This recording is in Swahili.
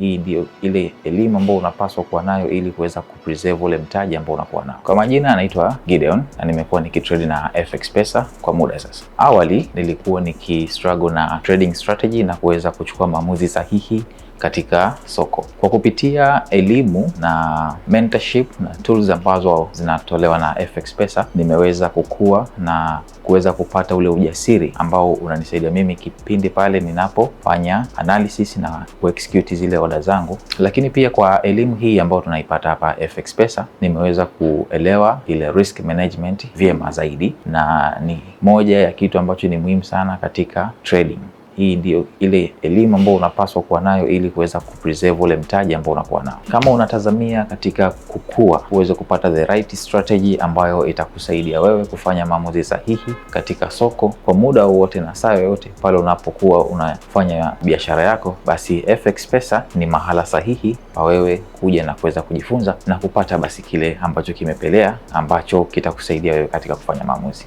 Hii ndio ile elimu ambayo unapaswa kuwa nayo ili kuweza kupreserve ule mtaji ambao unakuwa nao. Kwa majina anaitwa Gideon na nimekuwa nikitrade na FX Pesa kwa muda sasa. Awali nilikuwa nikistruggle na trading strategy na kuweza kuchukua maamuzi sahihi katika soko. Kwa kupitia elimu na mentorship na tools ambazo zinatolewa na FX Pesa, nimeweza kukua na kuweza kupata ule ujasiri ambao unanisaidia mimi kipindi pale ninapofanya analysis na kuexecute zile oda zangu, lakini pia kwa elimu hii ambayo tunaipata hapa FX Pesa nimeweza kuelewa ile risk management vyema zaidi, na ni moja ya kitu ambacho ni muhimu sana katika trading. Hii ndio ile elimu ambayo unapaswa kuwa nayo ili kuweza kupreserve ule mtaji ambao unakuwa nao. Kama unatazamia katika kukua, uweze kupata the right strategy ambayo itakusaidia wewe kufanya maamuzi sahihi katika soko kwa muda wowote na saa yoyote pale unapokuwa unafanya biashara yako, basi FX Pesa ni mahala sahihi pa wewe kuja na kuweza kujifunza na kupata basi kile ambacho kimepelea ambacho kitakusaidia wewe katika kufanya maamuzi.